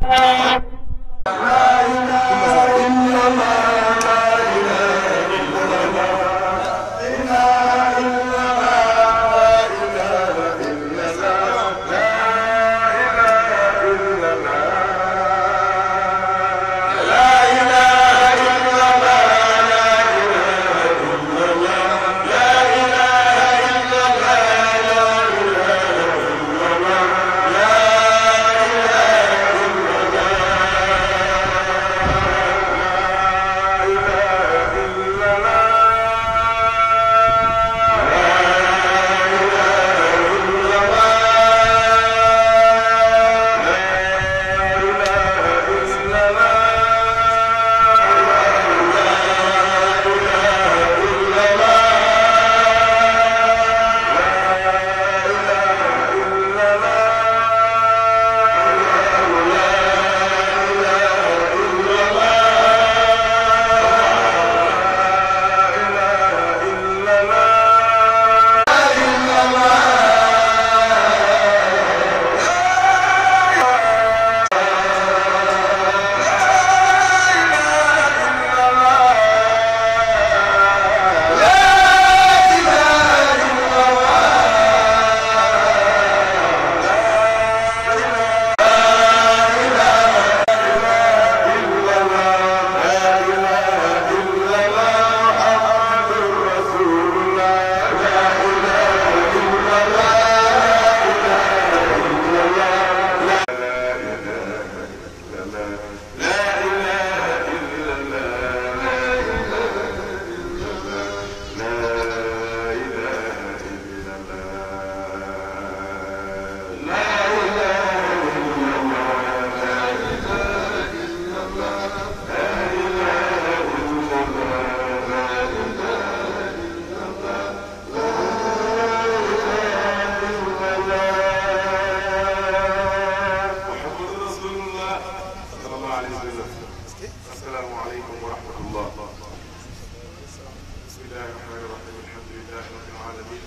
Bye. uh, يا رحمة العالمين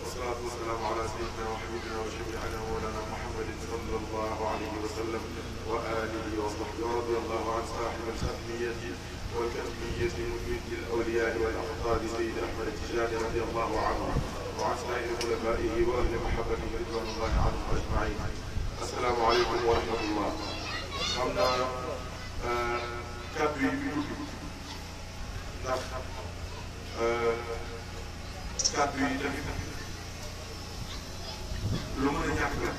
والصلاة والسلام على سيدنا وحبيبنا وشفيعنا مولانا محمد صلى الله عليه وسلم وآله وصحبه رضي الله عن صاحب الختمية والكتمية مفيد الأولياء والأخطار سيد أحمد التجاني رضي الله عنه وعن سائر خلفائه وأهل محبته رضوان الله عنهم أجمعين السلام عليكم ورحمة الله xam naa kàddu yi ndax kàddu yi tamit lu mën a ñàkk la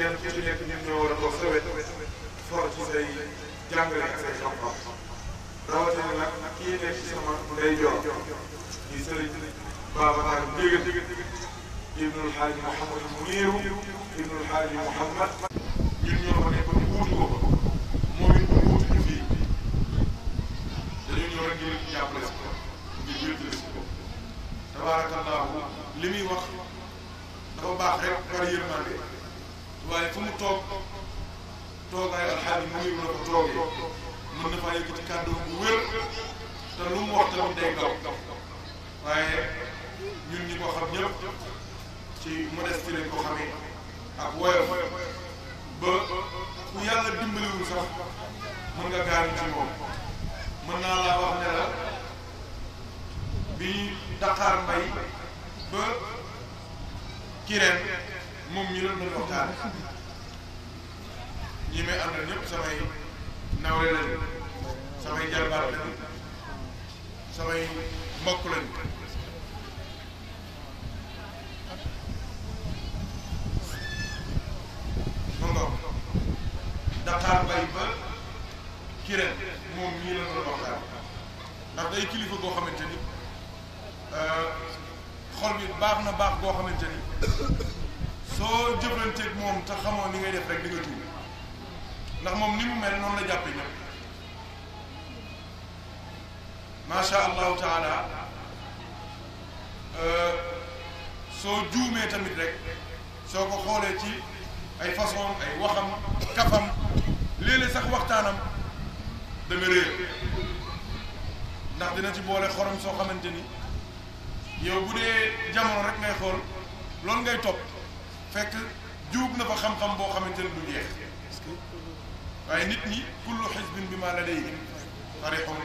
kenn ku ci nekk ñun ñoo war a toog sa wet for ci say jàngale ak say xam-xam rawatina nag kii nekk ci sama ndey joor di sëriñ Babacar Ndiéguène Ibnul Xaaji Mouhamad Muniiru Ibnul Xaaji Mouhamad ñun ñoo fa nekk ñu wuutu ko moom it ñu wuutu ñu fii dañu ñëw rek ngir jàppale si ko ngir jël si ko tabaarakallahu li muy wax dafa baax rek bari yërmande waaye fu mu toog toogaay alxaali mu na ko toogee mën na faa yëkkati kàddu bu wér te lu mu wax tamit day gaw waaye ñun ñi ko xam ñëpp ci modeste lañ ko xamee ak woyof ba ku yàlla dimbaliwul sax mën nga gaari ci moom mën naa laa wax ne la bi Dakar mbay ba Kirène moom ñii doon doon waxtaan ñi may àndal ñëpp samay nawle lañu samay jarbaar lañu samay mbokk lañu Dakar bay ba Kirène moom ñii la doon ndax day kilifa goo xamante ni euh, xol bi baax na baax boo xamante ni. soo jëflanteeg moom te xamoo ni ngay def rek di nga tuub ndax moom ni mu mel noonu la jàppee ñëpp macha allahu taala soo juumee tamit rek soo ko xoolee ci ay façon ay waxam kafam léeg-léeg sax waxtaanam da nga réer ndax dina ci boole xorom soo xamante ni yow bu dee jamono rek ngay xool loolu ngay topp. fekk juub na fa xam-xam boo xamanteni du jeex waaye nit ñi kullu xisbin bi maa la day farixoon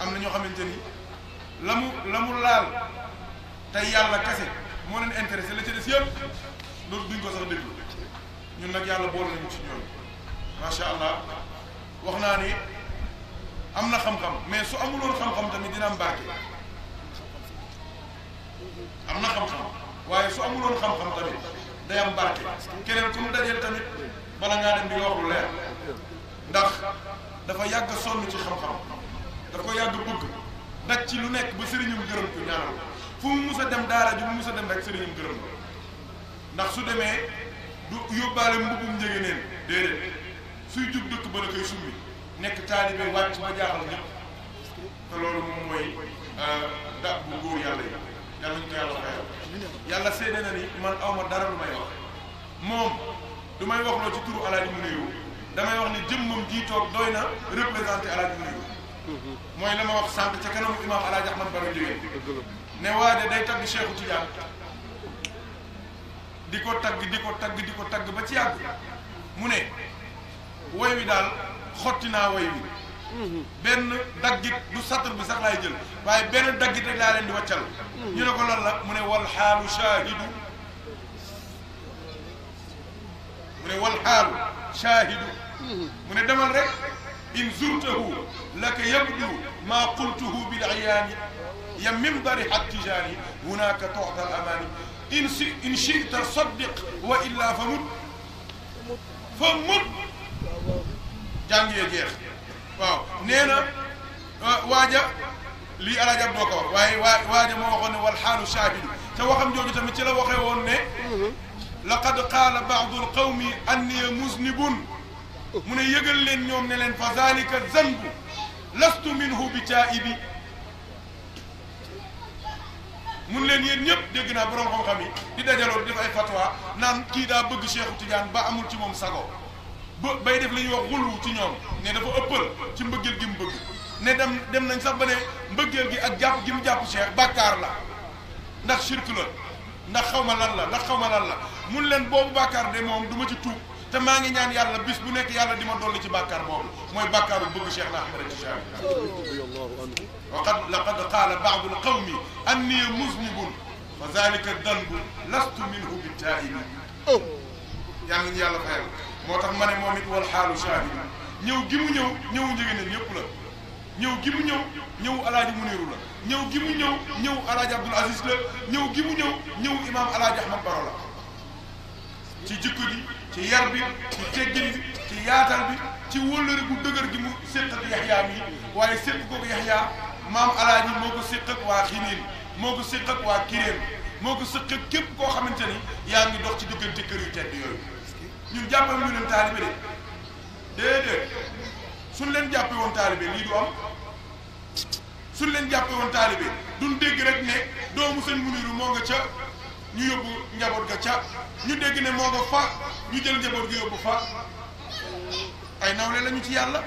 am na ñoo xamante ni la mu la mu laal tey yàlla kese moo leen intéressé la ci des yëpp loolu duñ ko sax déglu ñun nag yàlla boole nañu ci ñoom macha allah wax naa ni am na xam-xam mais su amuloon xam-xam tamit dina am barke am na xam-xam. waaye su amuloon xam-xam tamit day am barke keneen ku mu dajeel tamit bala ngaa dem di wax lu leer ndax dafa yàgg sonn ci xam-xam da ko yàgg bëgg daj ci lu nekk ba sëriñum gërëm ko ñaanal fu mu mus dem daara ju mu mus dem rek sëriñum gërëm ndax su demee du yóbbaale mbubbum njëge neen déedéet suy jub dëkk ba la summi nekk taalibe wàcc ma jaaxal ñëpp te loolu moom mooy euh, da bu góor yàlla yi yàlla ñu yàlla fayal yàlla seede na ni man awma dara lu may wax moom du may ci turu alaaji mu nuyu damay wax ne jëmmam jii toog doy na représenté alaaji mu nuyu mooy la ma wax sant ca kanamu imaam alaaji ahmad baro jógee ne waa de day tagg Cheikhu Tidiane di ko tagg di ko tagg di ko tagg ba ci yàgg mu ne woy wi daal xotti naa woy wi benn daggit du satr bi sax laay jël waaye benn daggit rek laa leen di wàccal ñu ne ko lan la mu ne wal xaalu shaahidu mu ne wal xaalu shaahidu mu ne demal rek in zurtahu laka yabdu ma qultuhu bil ayaani ya mimdari at tijaani hunaka tuxta al amaani in si in shita saddiq wa illa fa mut fa mut jàngee jeex waaw nee na waaja lii alaajab doo ko wax waaye waa waaja moo waxoon ne wal xaalu shaabidu te waxam jooju tamit ci la waxee woon ne laqad qaala baadu alqawmi anniya muznibun mu ne yëgal leen ñoom ne leen fa zalika zanbu lastu minhu bi taibi mun leen yéen ñëpp dégg naa borom xam-xam yi di dajaloo di def ay fatwa naan kii daa bëgg Cheikhu Tidiane ba amul ci moom sago ba bay def li ñuy wax xulu ci ñoom ne dafa ëppal ci mbëggeel gi mu ne dem dem nañ sax ba ne mbëggeel gi ak jàpp gi mu jàpp Cheikh bàkkaar la ndax shirk la ndax xaw ma lan la ndax xaw ma la mun leen boobu bàkkaar de moom du ci tuub te maa ngi ñaan yàlla bis bu nekk yàlla di ma dolli ci bàkkaar boobu mooy bàkkaaru bëgg Cheikh na Ahmad Tijani waqad laqad qaala baadu lqawmi anni muznibun fa zalika danbu lastu minhu bi taaibi yàlla nañu yàlla fayal moo tax ma ne moom it wal xaalu shaahid ñëw gi mu ñëw ñëwu njëgëneen yëpp la ñëw gi mu ñëw ñëw mu Muniru la ñëw gi mu ñëw ñëw alaaji Abdul Aziz la ñëw gi mu ñëw ñëw imaam alaaji Ahmad Baro la ci jikko ji ci yar bi ci teggin bi ci yaatal bi ci wóllëre bu dëgër gi mu séq ak yaxyaa mi waaye séq googu yaxyaa maam alaaji moo ko séq ak waa xiniin moo ko séq waa kiréen moo ko séq képp koo xamante ni yaa ngi dox ci diggante kër yu tedd yooyu ñun jàppee ñu leen taalibe de déedéet leen jàppee woon taalibe lii du am suñ leen jàppee woon taalibe duñ dégg rek doomu sëñ Muniru nga ca ñu yóbbu njaboot ga ca ñu dégg ne moo nga fa ñu jël njaboot ga yóbbu fa ay nawle lañu ci yàlla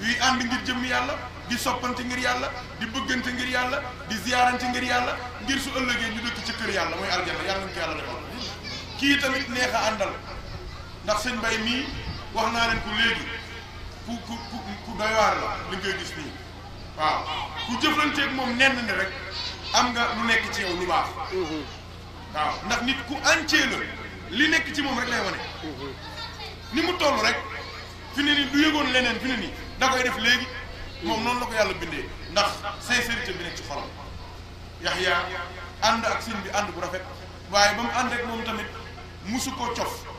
yuy ànd ngir jëm yàlla di soppante ngir yàlla di bëggante ngir yàlla di ziyaarante ngir yàlla ngir su ëllëgee ñu dëkk ci kër yàlla mooy aljanna yàlla ñu ko kii tamit neex a àndal ndax seen mbay mii wax naa leen ko léegi ku ku ku doy waar la li ngay gis nii waaw ku jëflanteeg moom nenn ni rek am nga lu nekk ci yow lu baax waaw ndax nit ku entier la li nekk ci moom rek lay wane ni mu toll rek fi ni du yëgoon leneen fi ne da koy def léegi moom noonu la ko yàlla bindee ndax sincérité bi nekk ci xolam Yaxya ànd ak sëñ bi ànd bu rafet waaye ba mu ànd rek moom tamit musu ko cof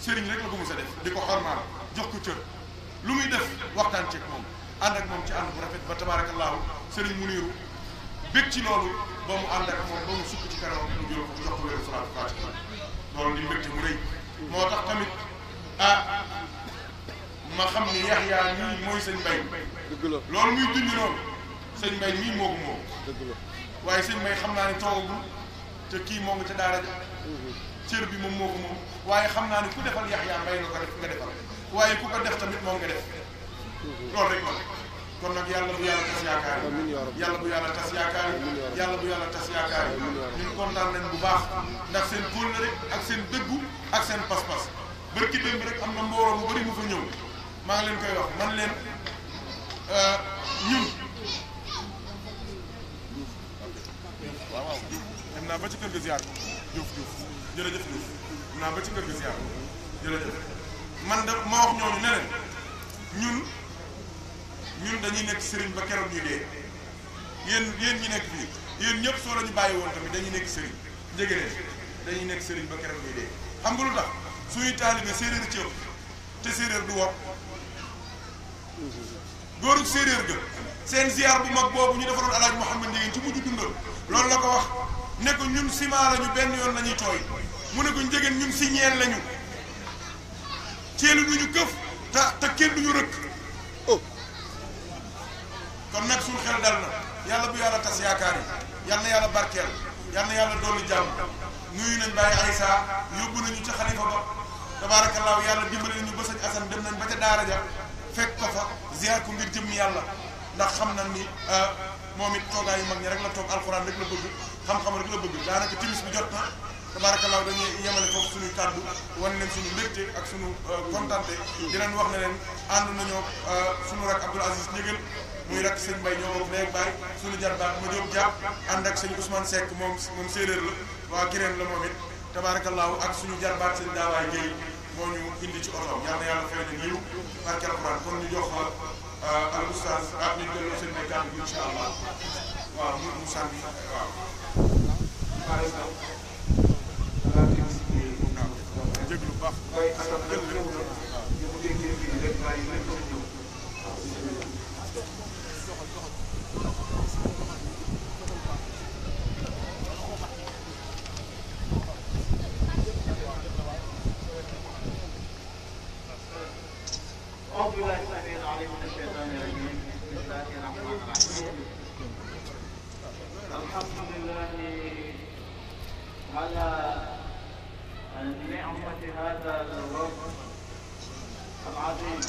sëriñ rek la ko mos a def di ko xormaal jox ko cër lu muy def waxtaan ceeg moom ànd ak moom ci ànd bu rafet ba tabaarakallaahu sëriñ mu niiru bég ci loolu ba mu ànd ak moom ba mu sukk ci kanamam mu jël ko jox ko wéru salaatu faatiha loolu di mu rëy moo tax tamit ah ma xam ni yaxyaa ñii mooy sëñ mbay loolu muy dund noonu sëñ mbay mii moogu moom waaye sëñ mbay xam naa ne toogagul te kii moo ngi ca daara ja mhm. cër bi moom moo ko moom waaye xam naa ne ku defal Yaxya Mbay nga ko def nga defal waaye ku ko def tamit moom nga def loolu rek la kon nag yàlla bu yàlla tas yaakaar yàlla bu yàlla tas yaakaar yàlla bu yàlla tas yaakaar ñun kontaan nañ bu baax ndax seen kóol ak seen dëggu ak seen pas-pas bërki démb rek am na mbooloo bu mu fa ñëw maa ngi leen koy wax man leen euh, ñun waaw waaw dem naa ba jërëjëf naa ba ci kër ga ziar man da ma wax ñooñu ne ñun ñun dañuy nekk sëriñ ba keroog ñu dee yéen yéen ñi nekk fii yéen ñëpp soo la ñu bàyyi woon tamit dañuy nekk sëriñ njëgënee dañuy nekk sëriñ ba keroog ñu dee xam nga lu tax suñuy taalibe séeréer ci ëpp te séréer du wopp góoru séeréer ga seen ziar bu mag boobu ñu defaroon alaaj Mouhamed Ndieguène ci mujj dundal loolu la ko wax ne ko ñun ciment la ñu benn yoon lañuy ñuy tooy mu ne ko njëgeen ñun si ñeen lañu ceelu duñu këf te te kenn duñu rëkk oh kon nag suñu xel dal na yàlla bu yàlla tas yaakaar yi yal na yàlla barkeel yal na yàlla dolli jàmm nuyu nañ bàyyi Aïssa yóbbu nañu ca xalifa ba tabaarakallaahu yàlla dimbali nañu ba sëñ Assane dem nañ ba ca daara ja fekk ko fa ziar ko ngir jëm yàlla ndax xam na ni euh, moom it toogaay yu mag ñi rek la toog alxuraan rek la bëgg xam-xam rek la bëgg daanaka timis bi jot na tabaarakallaah dañuy yemale foofu suñuy kàddu wan leen suñu mbégte ak suñu euh, kontante di leen wax na leen ànd nañoo euh, suñu rak Abdoul Aziz Ndiéguène muy rak sëñ Mbaye ñoo bokk léegi bàyyi suñu jarbaat ma jóg jàpp ànd ak sëñ Ousmane Seck moom moom séeréer la waa Kirène la moom it tabaarakallaah ak suñu jarbaat sëñ Daawaay Guèye moo ñu indi ci oto yal na yàlla fay na yiw barke alxuraan kon ñu jox euh, al oustaz ak ñu jël seen mu sànni waaw mooy anam yëpp ñëw na ñu bu déggee fii rek bàyyi lépp lu ñëw waaw bisimilah. أعوذ بالله السميع العليم من الشيطان الرجيم بسم الله الرحمن الرحيم الحمد لله على لنعمة هذا الرب العظيم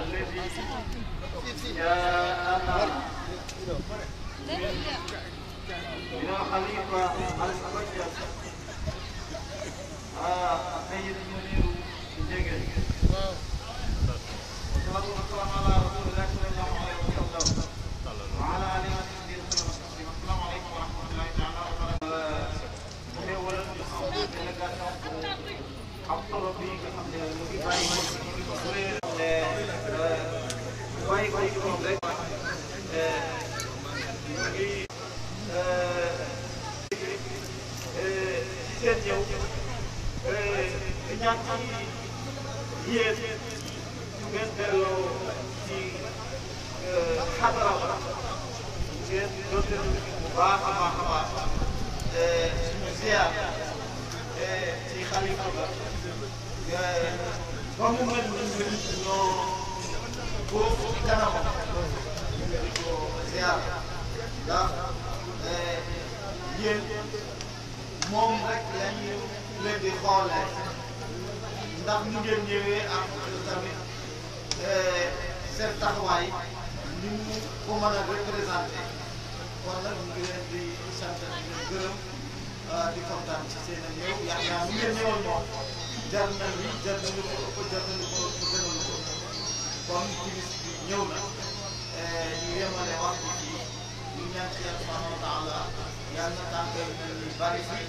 الذي يا جاءنا من الخليفة المقدس السيد منير الجيجل والصلاة والسلام على رسول الله Government will no go to Canada. Yeah. Ndax yéen moom rek la ñu leen di xoolee ndax ñu ngeen ñëwee ak tamit seen taxawaay ni mu ko mën a représenté kon nag ñu ngi leen di sant di leen gërëm. di kontaan ci seen ak yow yaa yaa mu di ñëwoon moom jar na li di na lu ko ëpp jar na lu ko ëpp gën a taala yàlla na tànkay mel ni bari fi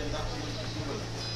lépp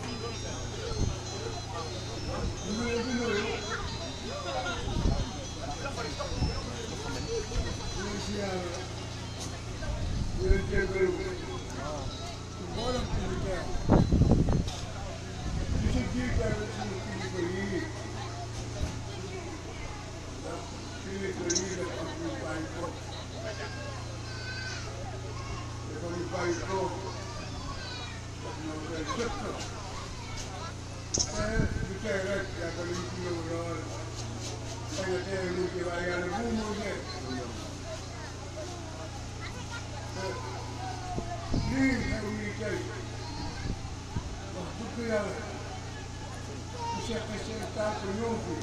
Thank you. jàpp ñëw fi loolu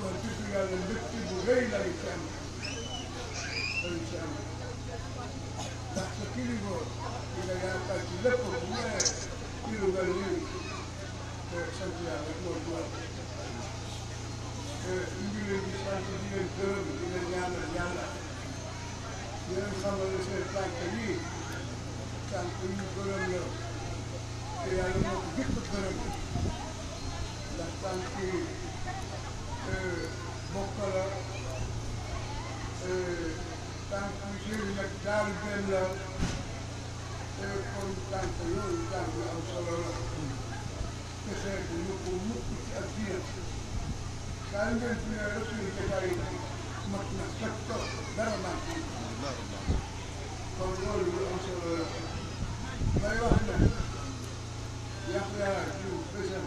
moom tuuti yàlla mbégte bu rëy lay fenn lay fenn ndax sa kilifa di nga yaakaar ci lépp yàlla moom bu wàll te ñu ngi leen di sant di leen gërëm di leen ñaanal ñaanal di leen xamal seen tànk yi tànk yu ndax tànki bokk la tànki jëriñ ak daal benn la kon tànk yooyu tànk am solo la te xeet ñu ko mukk ci ak diir daal ngeen fi ne rek suñu jotaay mat na fekk dara man kon loolu lu am solo la may wax ne yàq yaa jiw bésam